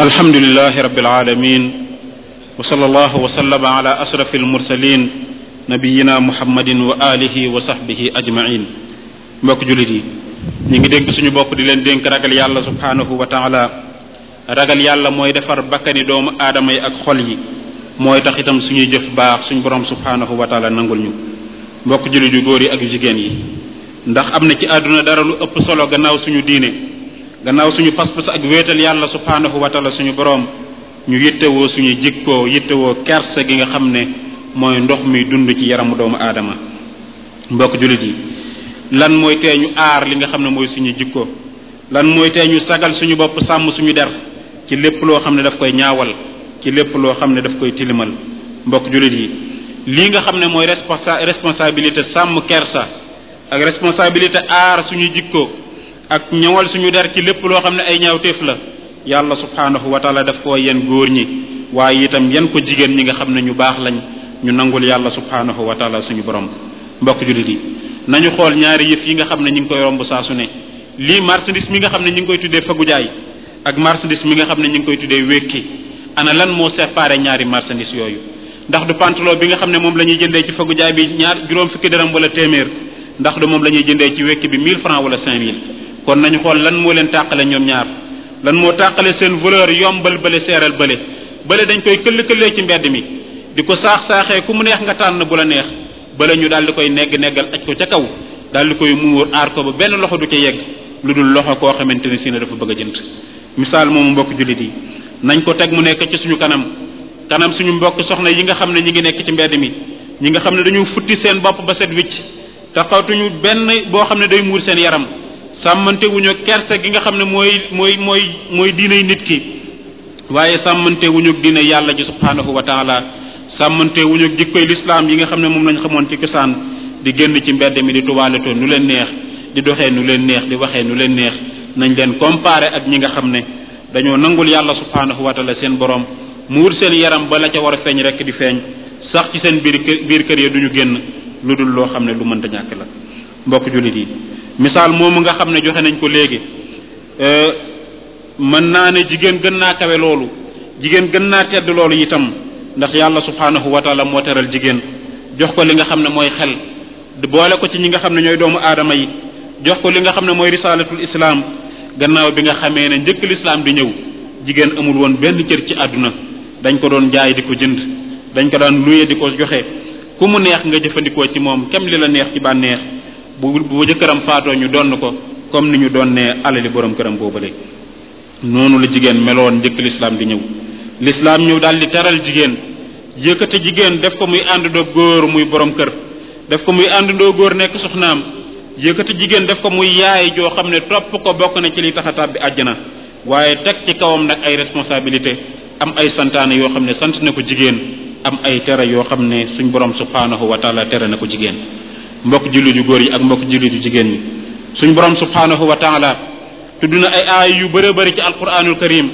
alhamdulilahi rabbil alamin wa sallallahu wa sallama ala ashraf almursalin nabiyina muhammadin wa alihi wa sahbihi ajmain mbokk jullit yi ñu ngi dénk suñu bopp di leen dénk ragal yàlla subhanahu wa taala ragal yàlla mooy defar bakkani doomu aadama yi ak xol yi mooy tax itam suñuy jëf baax suñu borom subhanahu wa taala nangul ñu mbokk jullit yu góor yi ak jigéen yi ndax am na ci àdduna dara lu ëpp solo gannaaw suñu diine gannaaw suñu pas-pas ak wéetal yàlla subhaanahu wa taala suñu boroom ñu woo suñu jikkoo yittewoo kersa gi nga xam ne mooy ndox mi dund ci yaramu doomu aadama mbokk jullit yi lan mooy tee ñu aar li nga xam ne mooy suñu jikkoo lan mooy tee ñu sagal suñu bopp sàmm suñu der ci lépp loo xam ne daf koy ñaawal ci lépp loo xam ne daf koy tilimal mbokk jullit yi lii nga xam ne mooy responsa responsabilité sàmm kersa ak responsabilité aar suñu jikko ak ñawal suñu der ci lépp loo xam ne ay ñaawteef la yàlla subhaanahu wa taala daf koo yen góor ñi waaye itam yen ko jigéen ñi nga xam ne ñu baax lañ ñu nangul yàlla subhaanahu wa taala suñu borom mbokk jullit yi nañu xool ñaari yëf yi nga xam ne ñu ngi koy romb saa su ne lii marchandise mi nga xam ne ñu ngi koy tuddee fagu jaay ak marchandise mi nga xam ne ñu ngi koy tuddee wékki ana lan moo séparé ñaari marchandise yooyu ndax du pantalon bi nga xam ne moom la ñuy jëndee ci fagu jaay bi ñaar juróom fukki wala téeméer ndax du moom la ñuy jëndee ci wékki bi 1000 francs wala 5000 kon nañu xool lan moo leen tàqale ñoom ñaar lan moo tàqale seen valeur yombal bële seeral bële bële dañ koy këll këllee ci mbedd mi di ko saax saaxee ku mu neex nga tànn bu la neex bële ñu daal di koy negg neggal aj ko ca kaw daal di koy muur aar ko ba benn loxo du ca yegg lu dul loxo koo xamante ne si ne dafa bëgg a jënd misaal moomu mbokk jullit yi nañ ko teg mu nekk ci suñu kanam kanam suñu mbokk soxna yi nga xam ne ñi ngi nekk ci mbedd mi ñi nga xam ne dañu futti seen bopp ba set wicc taxatuñu benn boo xam ne day muur seen yaram sàmmante wuñu kerse gi nga xam ne mooy mooy mooy mooy diinay nit ki waaye sàmmante wuñu yàlla ji subhaanahu wa taala sàmmante wuñu jikkoy lislaam yi nga xam ne moom lañ xamoon ci cosaan di génn ci mbedd mi di tuwaaleto nu leen neex di doxee nu leen neex di waxee nu leen neex nañ leen comparer ak ñi nga xam ne dañoo nangul yàlla subhaanahu wa seen borom muur seen yaram ba la ca war a feeñ rek di feeñ sax ci seen biir biir kër ya duñu génn lu dul loo xam ne lu mënta ñàkk la mbokk misaal moomu nga xam ne joxe nañ ko léegi euh, mën naa ne jigéen gën naa kawe loolu jigéen gën naa tedd loolu itam ndax yàlla subhanahu wa taala moo teral jigéen jox ko li nga xam ne mooy xel boole ko ci ñi nga xam ne ñooy doomu aadama yi jox ko li nga xam ne mooy risaalatul islaam gannaaw bi nga xamee ne njëkk lislaam di ñëw jigéen amul woon benn cër ci àdduna dañ ko doon jaay di ko jënd dañ ko daan luye di ko joxe ku mu neex nga jëfandikoo ci moom kem li la neex ci bànneex bu bu jëkkëram faatoo ñu donn ko comme ni ñu donnee alali borom këram boobale noonu la jigéen meloon njëkk lislaam di ñëw lislaam ñëw daal di teral jigéen yëkkati jigéen def ko muy àndandoo góor muy borom kër def ko muy àndandoo góor nekk soxnaam yëkkati jigéen def ko muy yaay joo xam ne topp ko bokk na ci li tax bi tàbbi na waaye teg ci kawam nag ay responsabilité am ay santaane yoo xam ne sant na ko jigéen am ay tere yoo xam ne suñ borom subhaanahu wa taala tere na ko jigéen mbokk jullit yu góor yi ak mbokk jullit yu jigéen ñi suñ borom subhanahu wa taala tudd na ay aay yu bëree bëri ci alquranul karim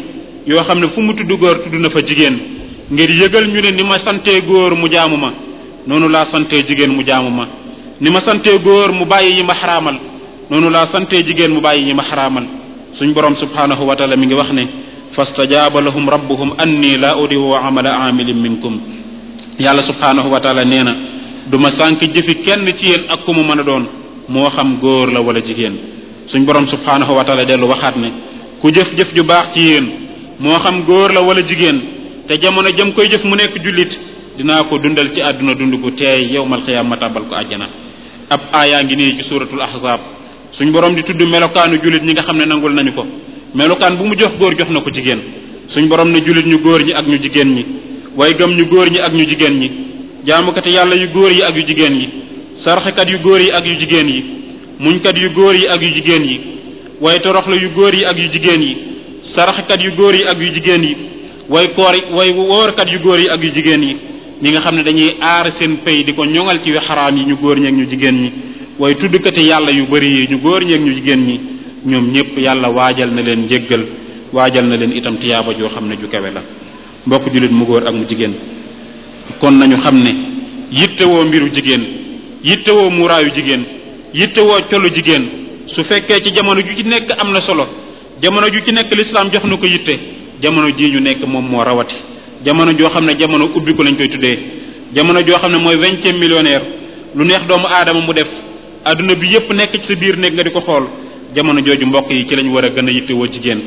yoo xam ne fu mu tudd góor tudd na fa jigéen ngir yëgal ñu ne ni ma santee góor mu jaamu ma noonu laa santee jigéen mu jaamu ma ni ma santee góor mu bàyyi yi ma xaraamal noonu laa santee jigéen mu bàyyi yi ma xaraamal suñ borom subhanahu wa taala mi ngi wax ne fastajaaba lahum rabbuhum anni la udiu amala amilin minkum yàlla subhanahu wa taala nee na du ma sànk jëfi kenn ci yéen ak ku mu mën a doon moo xam góor la wala jigéen suñ borom subhaanahu wa taala dellu waxaat ne ku jëf-jëf ju baax ci yéen moo xam góor la wala jigéen te jamono jëm koy jëf mu nekk jullit dinaa ko dundal ci àdduna dund gu teey yowmal xiyaam ma tàbbal ko àjjana ab aayaa ngi nii ci suuratul ahzaab suñ borom di tudd melokaanu jullit ñi nga xam ne nangul nañu ko melokaan bu mu jox góor jox na ko jigéen suñ borom na jullit ñu góor ñi ak ñu jigéen ñi way gëm ñu góor ñi ak ñu jigéen ñi jaamukati yàlla yu góor yi ak yu jigéen yi sarxekat yu góor yi ak yu jigéen yi muñkat yu góor yi ak yu jigéen yi way toroxlu yu góor yi ak yu jigéen yi sarxekat yu góor yi ak yu jigéen yi way koor way woorkat yu góor yi ak yu jigéen yi ñi nga xam ne dañuy aar seen pay di ko ñoŋal ci xaraam yi ñu góor ñeeg ñu jigéen ñi way tuddkati yàlla yu bëri yi ñu góor ñeeg ñu jigéen ñi ñoom ñépp yàlla waajal na leen njéggal waajal na leen itam tiyaaba joo xam ne ju kawe la mbokk jullit mu góor ak mu jigéen kon nañu xam ne yittewoo mbiru jigéen yittewoo muuraayu jigéen yittewoo colu jigéen su fekkee ci jamono ju ci nekk am na solo jamono ju ci nekk lislaam jox na ko yitte jamono jii ñu nekk moom moo rawati jamono joo xam ne jamono ubbi ko lañ koy tuddee jamono joo xam ne mooy vingtième millionnaire lu neex doomu aadama mu def àdduna bi yépp nekk ci sa biir néeg nga di ko xool jamono jooju mbokk yi ci lañu war a gën a yittewoo jigéen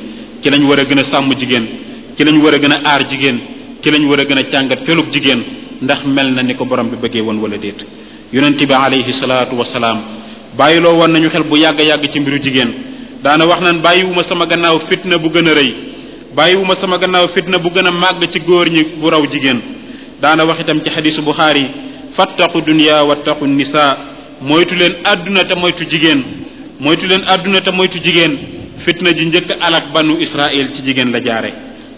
ci lañ war gën a sàmm jigéen ci lañ war a gën a aar jigéen ci lañ war a gën a càngat felug jigéen ndax mel na ni ko borom bi bëggee woon wala déet yonente bi alayhi salaatu wasalaam bàyyiloo woon nañu xel bu yàgg-yàgg ci mbiru jigéen daana wax naan bàyyiwuma sama gannaaw fitna bu gën a rëy bàyyiwuma sama gannaaw fitna bu gën a màgg ci góor ñi bu raw jigéen daana wax itam ci xadisu buxaari fattaqu dunya wattaqu nisa moytu leen àdduna te moytu jigéen moytu leen àdduna te moytu jigéen fitna ji njëkk alak banu israil ci jigéen la jaare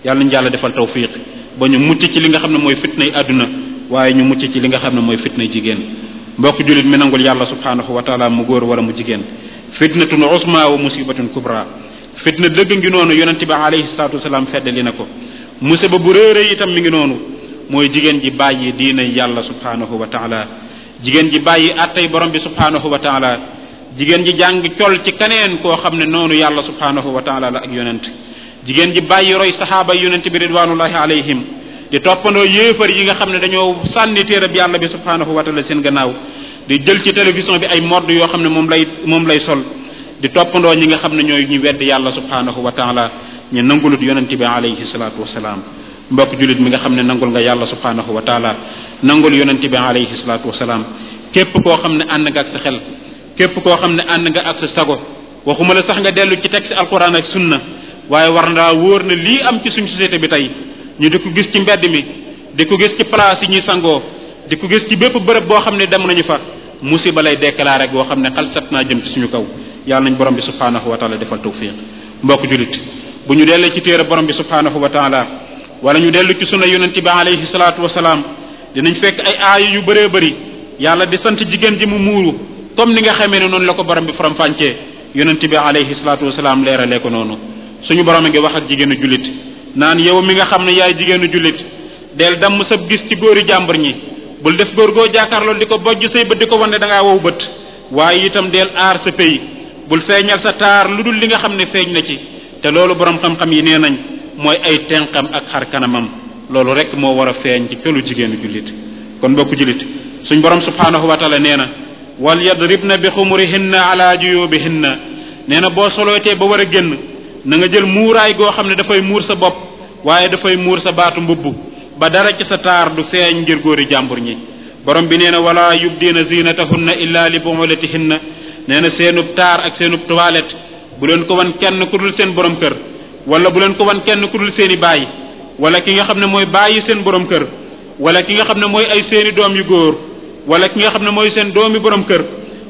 yàlla ñu yàlla defal tawfiq ba ñu mucc ci li nga xam ne mooy fitnay àdduna waaye ñu mucc ci li nga xam ne mooy fitnay jigéen mbokk jullit mi nangul yàlla subhaanahu wa taala mu góor wala mu jigéen fitnatun usma wa musibatun kubra fitna dëgg ngi noonu yonente bi alayhi salatu wasalaam feddali na ko musiba bu réere itam mi ngi noonu mooy jigéen ji bàyyi diina yàlla subhaanahu wa taala jigéen ji bàyyi attay borom bi subhaanahu wa taala jigéen ji jàng col ci keneen koo xam ne noonu yàlla subhaanahu wa taala la ak yonent jigéen ji bàyyi roy saxaaba yonent bi ridwanullahi alayhim di toppandoo yéefar yi nga xam ne dañoo sànni téerab yàlla bi subhanahu wa taala seen gannaaw di jël ci télévision bi ay modd yoo xam ne moom lay moom lay sol di toppandoo ñi nga xam ne ñooy ñu wedd yàlla subhanahu wa taala ñu nangulut yonent bi alayhi salaatu wasalaam mbokk jullit mi nga xam ne nangul nga yàlla subhanahu wa taala nangul yonent bi alayhi salaatu wasalaam képp koo xam ne ànd nga xel képp koo xam ne ànd nga ak sa sago waxuma la sax nga dellu ci texte alquran ak sunna waaye war naa wóor na lii am ci suñ société bi tey ñu di ko gis ci mbedd mi di ko gis ci place yi ñuy sangoo di ko gis ci bépp bërëb boo xam ne dem nañu fa musiba lay déclaré boo xam ne xalsat naa jëm ci suñu kaw yàlla nañ borom bi subhanahu wa taala defal tawfiq mbokk jullit bu ñu dellee ci téere borom bi subhanahu wa taala wala ñu dellu ci sunna yonent bi alayhi salaatu wasalaam dinañ fekk ay aaya yu bëree bëri yàlla di sant jigéen ji mu muuru comme ni nga xamee ne noonu la ko borom bi faram-fàccee yonent bi alayhi salaatu wasalaam leeralee ko noonu suñu borom a ngi wax ak jigéenu jullit naan yow mi nga xam ne yaay jigéenu jullit del damm sab gis ci góori jàmbur ñi bul def góor goo jàkkaarloo di ko bojj say bët di ko wane da ngaa wow waaye itam del aar sa pay bul feeñal sa taar lu dul li nga xam ne feeñ na ci te loolu borom xam-xam yi nee nañ mooy ay tenqam ak xar kanamam loolu rek moo war a feeñ ci pelu jigéenu jullit kon mbokku jullit suñ borom subhaanahu wa taala nee na wal yadribna bi xumurihinna ala juyubihinna nee na boo solootee ba war a génn na nga jël muuraay goo xam ne dafay muur sa bopp waaye dafay muur sa baatu mbubb ba dara ca sa taar du feeñ ngir góori jàmbur ñi borom bi nee na wala yubdiina zinatahunna illa li na nee na seenub taar ak seenub toilette bu leen ko wan kenn ku dul seen borom kër wala bu leen ko wan kenn ku dul seeni baay wala ki nga xam ne mooy bàyyi seen borom kër wala ki nga xam ne mooy ay seeni doom yu góor wala ki nga xam ne mooy seen doomi borom kër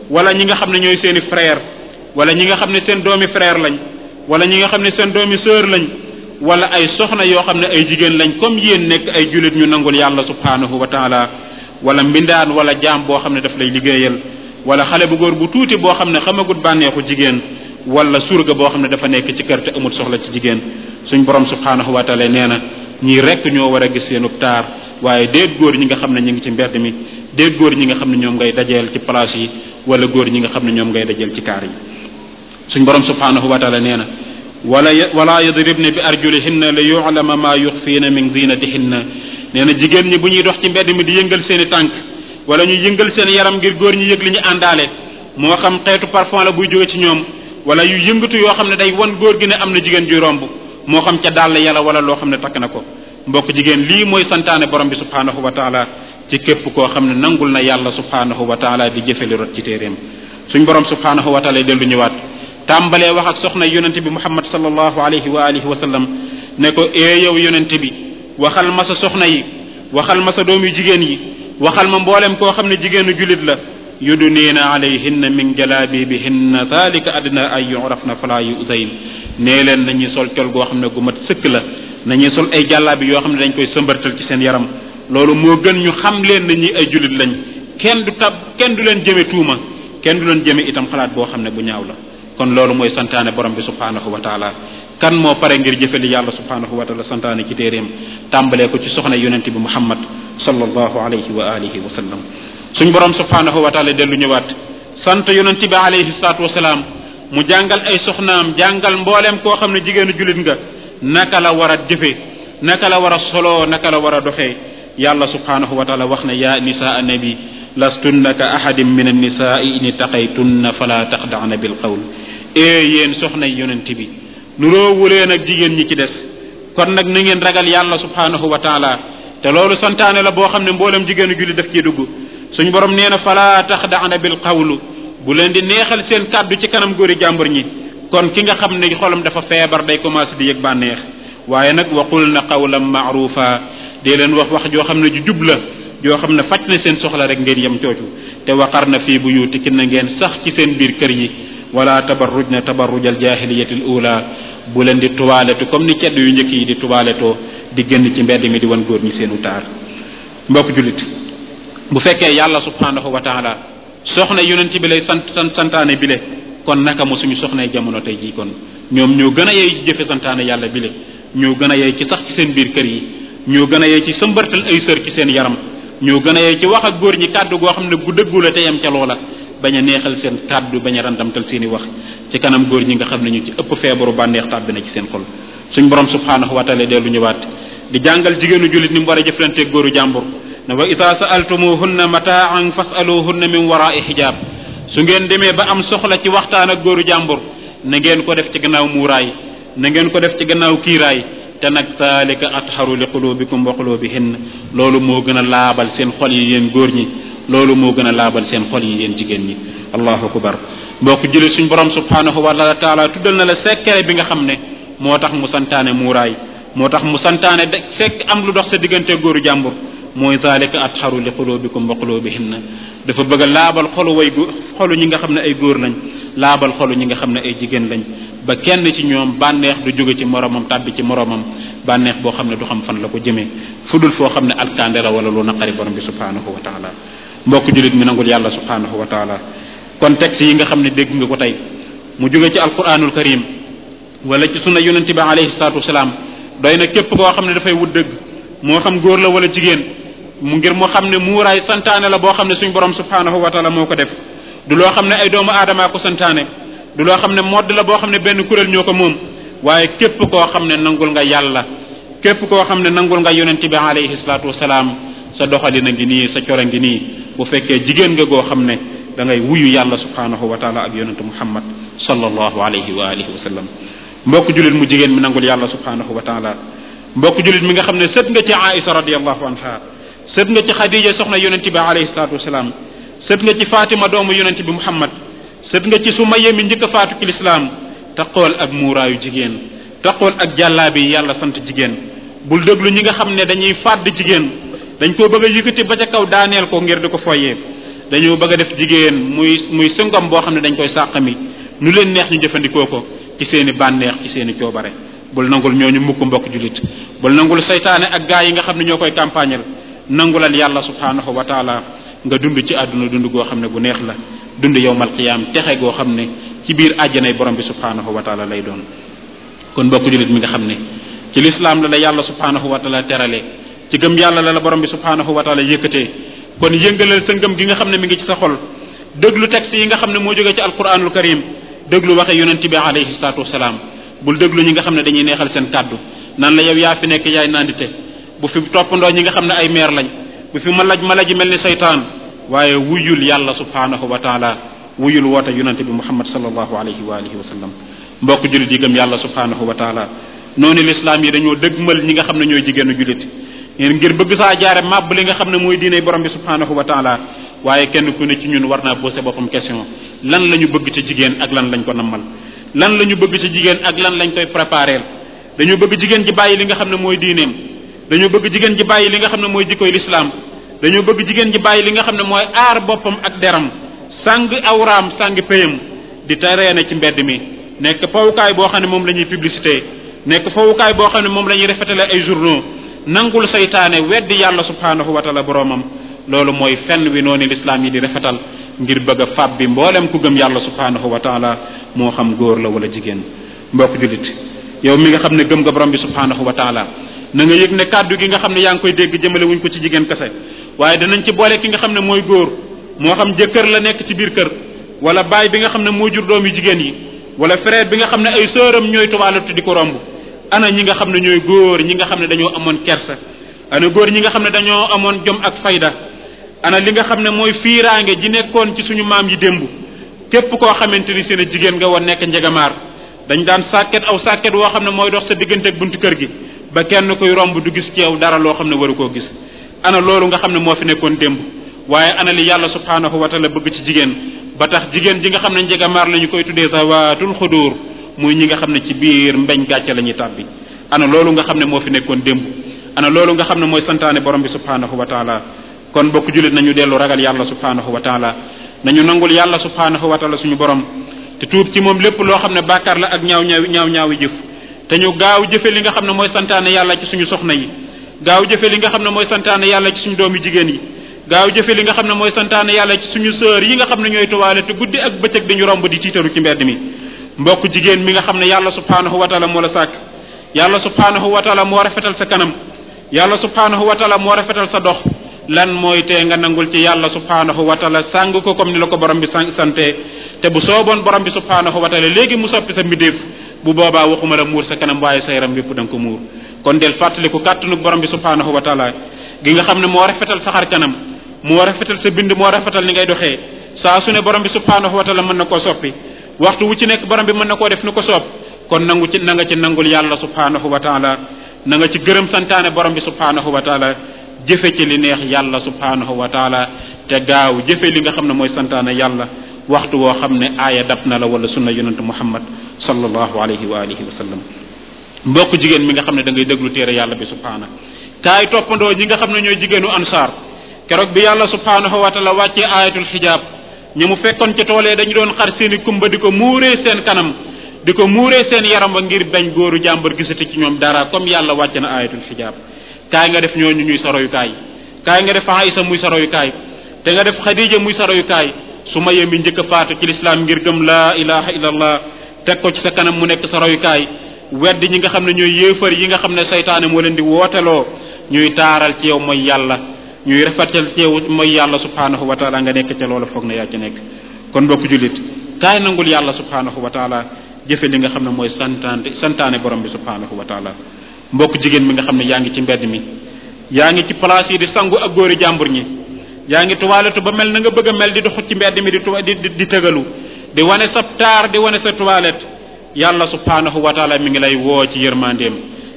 wala ñi nga xam ne ñooy seeni frère wala ñi nga xam ne seen doomi frère lañ wala ñi nga xam ne seen doomi sœur lañ wala ay soxna yoo xam ne ay jigéen lañ comme yéen nekk ay jullit ñu nangul yàlla subhanahu wa taala wala mbindaan wala jaam boo xam ne dafa lay liggéeyal wala xale bu góor bu tuuti boo xam ne xamagut bànneexu jigéen wala surga boo xam ne dafa nekk ci kër te amul soxla ci jigéen suñ borom subhanahu wa taala nee na ñii rek ñoo war a gis seenub taar waaye déet góor ñi nga xam ne ñu ngi ci mbedd mi déet góor ñi xam ne ñoom ngay dajeel ci place yi wala góor ñi nga xam ne ñoom ngay dajeel ci kaar yi suñ borom subhanahu wa taala nee na wala wala yadribna bi arjulihinna li yu'lama ma yuxfiina min zinatihinna nee na jigéen ñi bu ñuy dox ci mbedd mi di yëngal seen tànk wala ñu yëngal seen yaram ngir góor ñi yëg li ñu àndaale moo xam xeetu parfum la buy jóge ci ñoom wala yu yëngatu yoo xam ne day wan góor gi ne am na jigéen ju romb moo xam ca dàll yàlla wala loo xam ne takk na ko mbokk jigéen lii mooy santaane borom bi subhanahu wa taala ci képp koo xam ne nangul na yàlla subhanahu wa taala di jëfe li rot ci téeréem suñ borom subhanahu wa taala dellu ñëwaat tàmbalee wax ak soxna yonent bi muhammad sallallahu alayhi wa alihi wa sallam ne ko yow yonent bi waxal ma sa soxna yi waxal ma doom doomi jigéen yi waxal ma mboolem koo xam ne jigéenu jullit la yu yuduniina alayhinna min jalaabibihinna dhalika adna ay yurafna fala yuzayn ne leen nañuy sol col goo xam ne gu mat sëkk la nañuy sol ay jàllaabi yoo xam ne dañ koy sëmbartal ci seen yaram loolu moo gën ñu xam leen na ñi ay julit lañ kenn du tab kenn du leen jëme tuuma kenn du leen jëme itam xalaat boo xam ne bu ñaaw la kon loolu mooy santaane borom bi subhaanahu wa taala kan moo pare ngir jëfe li yàlla subhaanahu wa taala santaane ci téeréem tàmbalee ko ci soxna yonent bi muhammad sallallahu alayhi wa alihi wa sallam suñ borom subhaanahu wa taala dellu ñëwaat sant yonent bi alayhi salaatu wasalaam mu jàngal ay soxnaam jàngal mbooleem koo xam ne jigéenu jullit nga naka la war a jëfe naka la war a soloo naka la war a doxee yàlla subhaanahu wa taala wax ne yaa nisaa nabi lastunna ka ahadin min annisaai in ittaqaytunna fala taqda'na bil qawl ee yéen soxnay yonent bi nuroowu leen ak jigéen ñi ci des kon nag na ngeen ragal yàlla subhaanahu wa taala te loolu santaane la boo xam ne mboolem jigéenu julli def ciy dugg suñ borom nee na fala taxdaana bil qawlu bu leen di neexal seen kàddu ci kanam góor góori jàmbur ñi kon ki nga xam ne xolam dafa feebar day commencé di yëg bànneex waaye nag waqul na qawlan maarufa de leen wax wax joo xam ne ju jub la joo xam ne faj na seen soxla rek ngeen yem coocu te waqar na fii buyutikin na ngeen sax ci seen biir kër yi wala tabarrujna tabarrujal jaahiliyatil ula bu leen di tubaaletu comme ni cedd yu njëkk yi di tubaaletoo di génn ci mbedd mi di wan góor ñi seenu taar mbokk jullit bu fekkee yàlla subhanahu wa taala soxna yonent bi lay sant sant santaane bile kon naka mo suñu soxnay jamono tey jii kon ñoom ñoo gën a yey ci jëfe santaane yàlla bile ñoo gën a ci sax ci seen biir kër yi ñu gën a yey ci sëmbartal ay sër ci seen yaram ñoo gën a yey ci wax ak góor ñi kàddu goo xam ne bu dëggu la te yam ca loola bañ a neexal seen kàddu bañ a randamtal seen i wax ci kanam góor ñi nga xam ne ñu ci ëpp feebaru bànneex tàbbi na ci seen xol suñ borom subhaanahu wa taala dellu ñëwaat di jàngal jigéenu jullit ni mu war a jëflanteeg góoru jàmbur ne wa ida saaltumuhunna mataan fasaluhunna min waraai xijaab su ngeen demee ba am soxla ci waxtaan ak góoru jàmbur na ngeen ko def ci gannaaw muuraay na ngeen ko def ci gannaaw kiiraay te nag zalika atharu li qulubikum wa qulubihin loolu moo gën a laabal seen xol yi yéen góor ñi loolu moo gën a laabal seen xol yi yéen jigéen ñi allahu akbar mbokk julli suñ borom subhanahu wa taala tuddal na la sekkere bi nga xam ne moo tax mu santaane muuraay moo tax mu santaane de sekk am lu dox sa diggante góoru jàmbur mooy zalika atxaru li qulubikum wa qulubihim na dafa bëgg a laabal xolu way gu xolu ñi nga xam ne ay góor lañ laabal xolu ñi nga xam ne ay jigéen lañ ba kenn ci ñoom bànneex du jóge ci moromam tàbbi ci moromam bànneex boo xam ne du xam fan la ko fu dul foo xam ne alkandera wala lu naqari borom bi subhanahu wa taala mbokk jullit mi nangul yàlla subhanahu wa taala kon texte yi nga xam ne dégg nga ko tey mu jóge ci alquranul karim wala ci sunna yonente bi alayhi salatu wasalaam doy na képp koo xam ne dafay wut dëgg moo xam góor la wala jigéen mu ngir moo xam ne muuraay santaane la boo xam ne suñ borom subhanahu wa taala moo ko def du loo xam ne ay doomu aadamaa ko santaane du loo xam ne modd la boo xam ne benn kuréel ñoo ko moom waaye képp koo xam ne nangul nga yàlla képp koo xam ne nangul nga yonente bi alayhi salatu wasalaam sa doxali na ngi nii sa coro ngi nii bu fekkee jigéen nga goo xam ne dangay ngay wuyu yàlla subhaanahu wa taala ak yonente muhammad sallallahu alayhi wa alihi wa sallam mbokk jullit mu jigéen mi nangul yàlla subhaanahu wa taala mbokk jullit mi nga xam ne sët nga ci aïsa radiallahu anha sët nga ci xadija soxna yonente bi alayhi salatu wasalaam sët nga ci fatima doomu yonente bi muhammad sët nga ci sumaya yemi njëkk a faatu ci lislaam taqool ak muuraayu jigéen taqool ak jàllaa bi yàlla sant jigéen bul déglu ñi nga xam ne dañuy fàdd jigéen dañ koo bëgg a yëkkati ba ca kaw daaneel ko ngir di ko foyee dañoo bëgg a def jigéen muy muy sëngam boo xam ne dañ koy sàqami nu leen neex ñu jëfandikoo ko ci seen i bànneex ci seen coobare bul nangul ñoo ñu mukk mbokk jullit bul nangul seytaane ak gaa yi nga xam ne ñoo koy nangu nangulal yàlla subhaanahu wa taala nga dund ci àdduna dund goo xam ne bu neex la dund yowmal qiyaam texe goo xam ne ci biir àjjanay borom bi subhaanahu wa taala lay doon kon mi nga xam ne yàlla subhaanahu wa taala terale ci gëm yàlla la la borom bi subhaanahu wa taala yëkkatee kon yëngalal sa ngëm gi nga xam ne mi ngi ci sa xol déglu texte yi nga xam ne moo jógee ci alquranul karim déglu waxe yonent bi alayhi salaatu wasalaam bul déglu ñi nga xam ne dañuy neexal seen kàddu nan la yow yaa fi nekk yaay nandite bu fi toppandoo ñi nga xam ne ay meer lañ bu fi malaj malaji mel ni saytaan waaye wuyul yàlla subhaanahu wa taala wuyul woote yonante bi muhammad sallallahu alayhi wa alihi wa sallam mbokk jullit yi gëm yàlla subhaanahu wa taala noonu lislaam yi dañoo mël ñi nga xam ne ñooy jigéenu jullit ngir bëgg saa jaare màbb li nga xam ne mooy diine borom bi subhanahu wa taala waaye kenn ku ne ci ñun war naa posé boppam question lan la ñu bëgg ci jigéen ak lan lañ ko nammal lan la ñu bëgg ci jigéen ak lan lañ koy préparé dañoo bëgg jigéen ji bàyyi li nga xam ne mooy diineem dañoo bëgg jigéen ji bàyyi li nga xam ne mooy jikkoy lislaam dañoo bëgg jigéen ji bàyyi li nga xam ne mooy aar boppam ak deram sàng awraam sàng péyam di na ci mbedd mi nekk fawukaay boo xam ne moom la ñuy publicité nekk fawukaay boo xam ne moom la ñuy rafetale ay journaux nangul saytaane weddi yàlla subhaanahu wa taala boroomam loolu mooy fenn wi noonu lislaam yi di rafetal ngir bëgg a fab bi mboolem ku gëm yàlla subhaanahu wa taala moo xam góor la wala jigéen mbokk jullit yow mi nga xam ne gëm nga borom bi subhaanahu wa taala na nga yëg ne kàddu gi nga xam ne yaa ngi koy dégg jëmale wuñ ko ci jigéen kese waaye danañ ci boole ki nga xam ne mooy góor moo xam jëkkër la nekk ci biir kër wala baay bi nga xam ne moo jur doom yu jigéen yi wala frère bi nga xam ne ay sœuram ñooy tubaalatu di ko romb ana ñi nga xam ne ñooy góor ñi nga xam ne dañoo amoon kersa ana góor ñi nga xam ne dañoo amoon jom ak fayda ana li nga xam ne mooy fiiraange ji nekkoon ci suñu maam yi démb képp koo xamante ni seen jigéen nga woon nekk njegamaar dañ daan sàkket aw sàkket woo xam ne mooy dox sa diggante ak buntu kër gi ba kenn koy romb du gis ci dara loo xam ne waru koo gis ana loolu nga xam ne moo fi nekkoon démb waaye ana li yàlla subhaanahu wa taala bëgg ci jigéen ba tax jigéen ji nga xam ne njegamaar la ñu koy tuddee zawaatul xuduur muy ñi nga xam ne ci biir mbeñ gàcce la ñuy tàbbi ana loolu nga xam ne moo fi nekkoon démb ana loolu nga xam ne mooy santaane borom bi subhanahu wa taala kon bokk jullit nañu dellu ragal yàlla subhanahu wa taala nañu nangul yàlla subhanahu wa taala suñu borom te tuub ci moom lépp loo xam ne bàkkaar la ak ñaaw ñaaw ñaaw ñaawi jëf te ñu gaaw jëfe li nga xam ne mooy santaane yàlla ci suñu soxna yi gaaw jëfe li nga xam ne mooy santaane yàlla ci suñu doomi jigéen yi gaaw jëfe li nga xam ne mooy santaane yàlla ci suñu yi nga xam ne ñooy tuwaale te guddi ak bëccëg dañu romb di tiitaru ci mbedd mi mbokk jigéen mi nga xam ne yàlla subhanahu wa taala moo la sàkk yàlla subhanahu wa taala moo rafetal sa kanam yàlla subhanahu wa taala moo rafetal sa dox lan mooy te nga nangul ci yàlla subhanahu wa taala sàng ko comme ni la ko borom bi san sante te bu sooboon borom bi subhanahu wa taala léegi mu soppi sa mbidéef bu booba waxuma la muur sa kanam waaye sa yaram yépp da nga ko muur kon del fàttaliku kàttanu borom bi subhanahu wa taala gi nga xam ne moo rafetal sa xar kanam moo rafetal sa bind moo rafetal ni ngay doxee saa su ne borom bi subhanahu wa taala mën na koo soppi waxtu wu ci nekk borom bi mën na koo def nu ko soob kon nangu ci na nga ci nangul yàlla subhanahu wa taala na nga ci gërëm santaane borom bi subhanahu wa taala jëfe ci li neex yàlla subhanahu wa taala te gaaw jëfe li nga xam ne mooy santaane yàlla waxtu woo xam ne aaya dab na la wala sunna yonent muhammad sallallahu alayhi wa alihi wa sallam mbokk jigéen mi nga xam ne da ngay déglu téere yàlla bi subhaana kaay toppandoo ñi nga ne ñooy jigéenu ansaar keroog bi yàlla subhanahu wa taala wàccee ayatul xijaab ñi mu fekkoon ci toolee dañu doon xar seeni kumba di ko muuree seen kanam di ko muuree seen yaram ba ngir bañ góoru jàmbar gisati ci ñoom dara comme yàlla wàcc na ayatul xijaab kaay nga def ñooñu ñuy sa royukaay kaay nga def Aysa muy sa royukaay te nga def Xadija muy sa royukaay su ma yemi njëkk a faatu ci lislaam ngir gëm laa ilaha illallah teg ko ci sa kanam mu nekk sa royukaay weddi ñi nga xam ne ñooy yéefar yi nga xam ne saytaane moo leen di wooteloo ñuy taaral yow mooy yàlla ñuy rafetal teewu mooy yàlla subhaanahu wa taala nga nekk ca loola foog na yaa ci nekk kon bokk jullit kaay nangul yàlla subhaanahu wa taala jëfe li nga xam ne mooy santaane santaane borom bi subhaanahu wa taala mbokk jigéen mi nga xam ne yaa ngi ci mbedd mi yaa ngi ci place yi di sangu ak góori jàmbur ñi yaa ngi toilette ba mel na nga bëgg mel di dox ci mbedd mi di di di tëgalu di wane sa taar di wane sa toilette yàlla subhaanahu wa taala mi ngi lay woo ci yërmandeem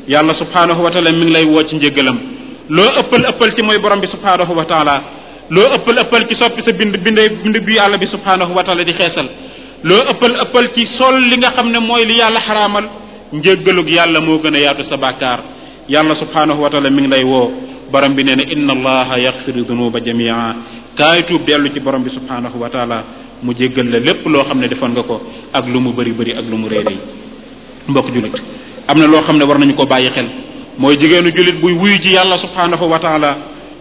yàlla subhaanahu wa mi ngi lay woo ci njëggalam loo ëppal ëppal ci mooy borom bi subhaanahu wa taala loo ëppal ëppal ci soppi sa bind bind bind bi yàlla bi subhaanahu wa taala di xeesal loo ëppal ëppal ci sol li nga xam ne mooy li yàlla xaraamal njéggalug yàlla moo gën a yaatu sa bàkkaar yàlla subhaanahu wa taala mi ngi lay woo borom bi nee na inna allaha yaxfiru dunuba jamia kaay tuub ci borom bi subhaanahu wa taala mu jéggal la lépp loo xam ne defoon nga ko ak lu mu bëri bëri ak lu mu réeréy mbokk jullit am na loo xam ne war nañu ko bàyyi xel mooy jigéenu jullit buy wuyu ji yàlla subhaanahu wa taala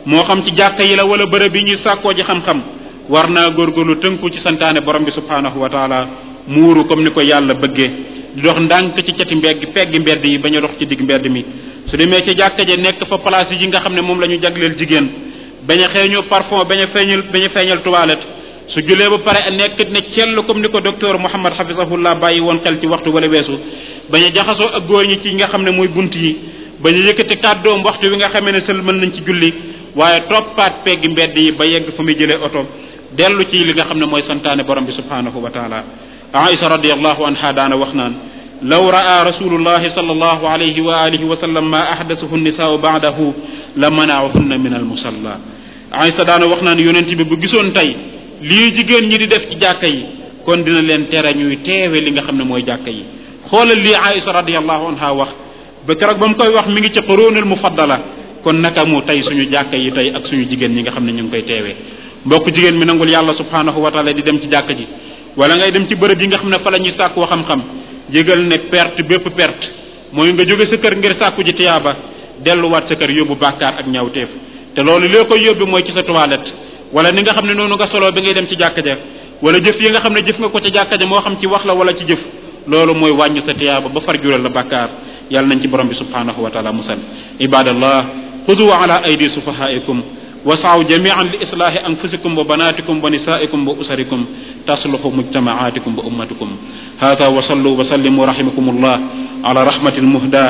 moo xam ci jàkka yi la wala bërëb yi ñuy sàkkoo ji xam-xam war naa góorgóorlu tënku ci santaane borom bi subhaanahu wa taala muuru comme ni ko yàlla bëggee di dox ndànk ci cati mbegg pegg mbedd yi bañ dox ci digg mbedd mi su demee ci jàkka ja nekk fa place yi nga xam ne moom la ñu jagleel jigéen bañ a xeeñu parfum bañ a feeñal bañ a feeñal toilette su julee ba pare nekkit ne cell comme ni ko docteur Mouhammad hafisahullah bàyyi woon xel ci waxtu wala weesu bañ a jaxasoo ak góor ñi nga xam ne mooy bunt yi ba ñu yëkkati kàddoom waxtu wi nga xamee ne sëlmal nañ ci julli waaye toppaat peggi mbedd yi ba yegg fu muy jëlee oto dellu ci li nga xam ne mooy santaane borom bi subhanahu wa taala aïsa radiallahu anha daana wax naan law raa rasulullahi sallallahu alayhi wa alihi wa sallam ma ahdasuhu nisaau baadahu la manaahunna min al musalla aïsa daana wax naan yonent bi bu gisoon tey li jigéen ñi di def ci jàkka yi kon dina leen tere ñuy teewe li nga xam ne mooy jàkka yi xoolal lii aïsa radiallahu anha wax ba keroog ba mu koy wax mi ngi ci quruunul mufaddala kon naka mu tey suñu jàkka yi tey ak suñu jigéen ñi nga xam ne ñu ngi koy teewee mbokk jigéen mi nangul yàlla subhanahu wa taala di dem ci jàkka ji wala ngay dem ci bërëb yi nga xam ne fa la ñuy sàkkoo xam-xam jégal ne perte bépp perte mooy nga jóge sa kër ngir sàkku ji tiyaaba delluwaat sa kër yóbbu bàkkaar ak ñaawteef te loolu loo koy yóbbu mooy ci sa toilette wala ni nga xam ne noonu nga solo bi ngay dem ci jàkka ja wala jëf yi nga xam ne jëf nga ko ca jàkka ja moo xam ci wax la wala ci jëf loolu mooy wàññi sa tiyaaba ba far jural la bàkkaar yàlla nañ ci borom bi subhanahu wa taala musal ibadallah xudu ala aydi sufahaikum wasaaw jamian li islaahi anfusikum wa banaatikum wa nisaaikum wa usarikum tasluxu mujtamaatikum wa ummatikum hada wa sallu wa sallimu rahimakumullah ala rahmati almuhda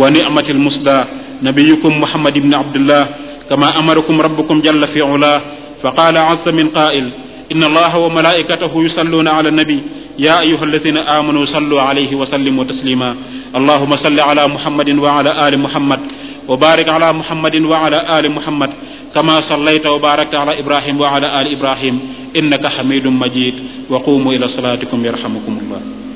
wa nicmati almusda nabiyukum muhammad ibni abdillah kama amarakum rabbukum jalla fi ula fa qala azza min qail inna allaha wa malaikatahu yusalluna ala nabi يا أيها الذين آمنوا صلوا عليه وسلموا تسليما اللهم صل على محمد وعلى آل محمد وبارك على محمد وعلى آل محمد كما صليت وباركت على إبراهيم وعلى آل إبراهيم إنك حميد مجيد وقوموا إلى صلاتكم يرحمكم الله